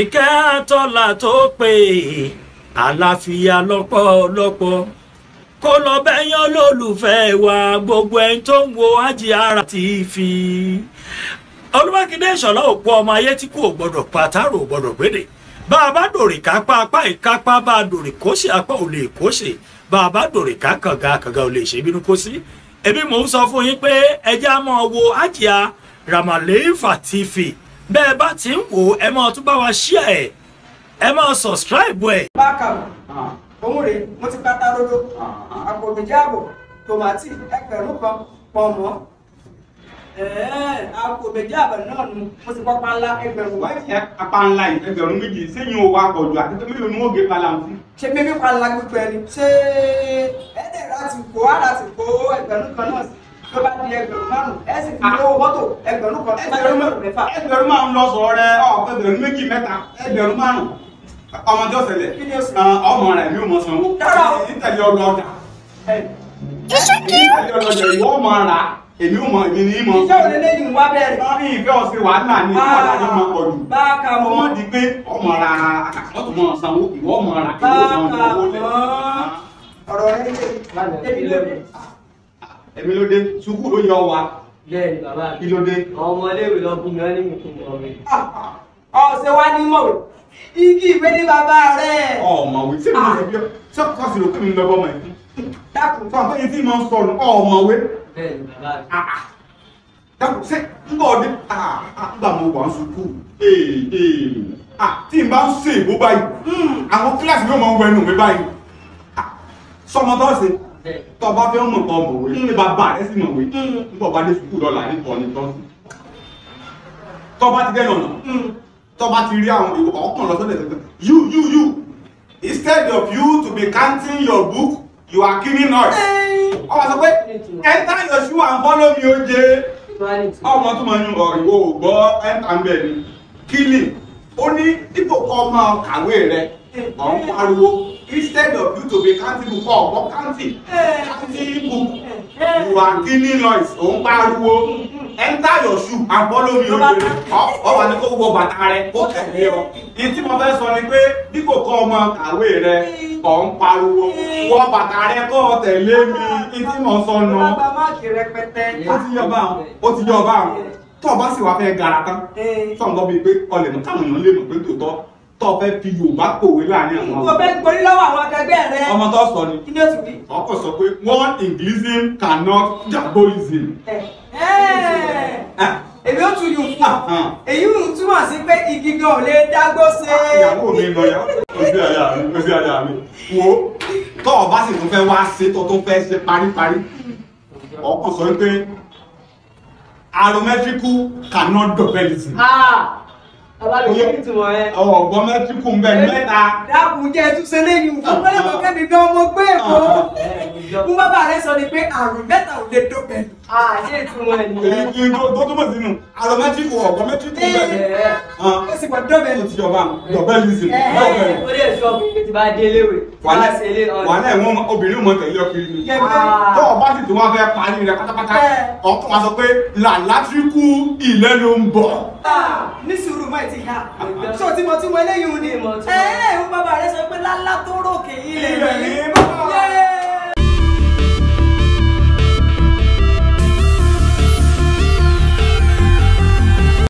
ìkẹ́ àtọ́là tó pè é àlàáfíà lọ́pọ̀lọpọ̀ kó lọ bẹ́yàn lólùfẹ́ wa gbogbo ẹni tó ń wo Ajiara TV Olúmákindé Ìṣọ̀lá òpó ọmọ ayé tí kò gbọdọ̀ pàtàrò gbọdọ̀ gbédè bá a bá dòrè kápá apá ìkápá bá a dòrè kóṣe apá ò lè kóṣe bá a bá dòrè ká kànga kànga ò lè ṣe bínú kó sí èmi mò ń sọ fún yín pé ẹjẹ́ á máa wo Ajiara Ramalefa TV bẹ́ẹ̀ bá ti ń wò ẹ máa tún bá wa share ẹ̀ ẹ máa subscribe ẹ̀. bákàmù òun rèé mo ti ka tarodo àpò méjì àbọ̀ tòmátì ẹgbẹ̀rún kan pọ̀nmọ́ àpò méjì àbọ̀ náà nu mo ti pọ́pá ńlá ẹgbẹ̀rún. wáyé ẹ apá ńlá yìí ẹgbẹ̀rún méjì sẹ́yìn owó àpọ̀jù àti mílíọ̀nù ní ògè palamti. ṣé mímí palà gbígbẹ ni ṣé ẹ̀ẹ́dẹ̀rẹ́ àti kó àrà àti kó ẹgbẹ̀rún kan náà ló bá di ẹgbẹ̀rún márùn-ún ẹ̀ sì fi owó mọ́tò ẹgbẹ̀rún kan ẹgbẹ̀rún mẹ́fà ẹgbẹ̀rún márùn lọ sọ̀rọ̀ rẹ ọ̀pẹ ẹgbẹ̀rún méjì mẹ́ta ẹgbẹ̀rún márùn ọmọ tí ó ọmọ rẹ mi ò mọ sanwó nítẹ̀lé ọlọ ọjà nítẹ̀lé ọlọ ọjà ìwọ ọmọ ara èmi ò mọ èmi ní í mọ. iṣẹ́ òde lẹ́yìn ìwà bẹ̀rẹ̀. ìfẹ́ ọ̀sẹ̀ wàhálà bẹ́ẹ̀ ni bàbá mi. kí ló dé. àwọn ọmọléèwé lọ bú mi wọn ní mi kò mọ̀ mi. ọ̀sẹ̀ wa ní mọ̀wé igi ìwé ní bàbá rẹ̀. ọmọ wí sí mi bí ṣé kò sì rò pé mi lọ́bọ̀ mọ̀ ẹ̀kú. dákun fún àpẹẹrẹ tí mo ń sọnù ọmọ wé. bẹ́ẹ̀ ni bàbá mi. dákun ṣé ń bọ̀ ọdẹ nígbà mo wà ń sunkú tí n bá ń ṣe ìbò báyìí hmm. àwọn kíláàsì yóò máa ń wẹnu mi báyìí sọmọ tó ṣe tọba fẹ́ mọ̀ kọ́ mọ̀wé ní bàbá rẹ̀ sì mọ̀wé mm. nígbà bá dé sùkúù lọ́la ní kọ́ni tọ́sí tọba ti dẹ́nu ọ̀nà tọba ti rí àwọn ìwọ ọkàn lọ sọ́dọ̀ ẹ̀sẹ̀ you you you instead of you to be counting your book you are killing us ọ sọ pé enter your shoe and follow me oje ọmọ tó máa ń yún ọ̀rìnwó gbọ́ enter ń bẹ̀ ni killing ó ní dípò kọ́ máa kàwé rẹ̀ ọ̀n pariwo instead of you to be counting before, but counting counting book you are killing noise òun pariwo enter your shoe and follow me obere ọwọ́ ni kó gbogbo bàtà rẹ kó tẹ̀lé ọ ìtí mo fẹ́ sọ ni pé bí kò kọ́ ọmọ kàwé rẹ ọ̀ ń pariwo wọ bàtà rẹ kọ́ ọ tẹ̀lé mi ìtí mo sọ nù ó ti yọ bá àwọn ó ti yọ bá àwọn tó o bá sì wá fẹ́ gara tán tó o ń gbọ́ bíi pé ọlẹ̀ mú káwọn èèyàn lè mọ̀ pé tòótọ́ tó fẹ́ fi yorùbá pòwe láàrin àwọn ọmọ. mo fẹ́ gborí lọ́wọ́ àwọn akẹgbẹ́ rẹ. ọmọ tó sọ ni. kí ni oṣù bí. ọkọ sọ pé one Englishism cannot jagoism. èmi ó tu yùn fún ọ ah, ah. èyí ń túmọ̀ sí pé igi gan ò lè dágbó ṣe. Ah, ìyàwó mi lọ yà ojú àyà mi ojú àyà mi wo tó o bá sì tún fẹ́ wá ṣe tó tún fẹ́ ṣe paríparí ọkọ sọ pé arometrical cannot double it. Àwọn ọ̀gbọ́n mẹ́tíkù ń bẹ mẹ́ta. Dábùú jẹ́ túnṣe lẹ́yìn ìfowópamọ́ ah, lẹ́kọ̀ọ́kẹ́ ah. mi gan ọmọ gbé èkó. Ah, Fún bàbá rẹ̀ sọ ni pé àrùn mẹ́ta ò lè dọ̀bẹ̀. Àṣé ìtumọ̀ ẹ̀ nìyẹn. Èyí tó túmọ̀ sínú, àrùn mẹ́tíkù ọ̀gbọ́n mẹ́tíkù ń sípò dọ́bẹ̀ ló ti jọba dọ̀bẹ̀ ló sì dọ̀bẹ̀. ó lè sọ ti bá dé léwe wà á ṣe lé ọ̀rẹ́. wàhálà obìnrin mọ̀ tẹ̀lé ọkiri ni. Ah. tó o bá sì tún wọn fẹ́ parí rẹ pátápátá eh. ọkàn wa sọ pé làlátìrìkù ilé ló ń bọ̀. Ah, ní sùúrù mọ́ ti ha sọ tí mo tún wọlé yìí ni. ẹ ẹ ń bàbá rẹ sọ pé lálá tó rò kéyìn lè rẹ.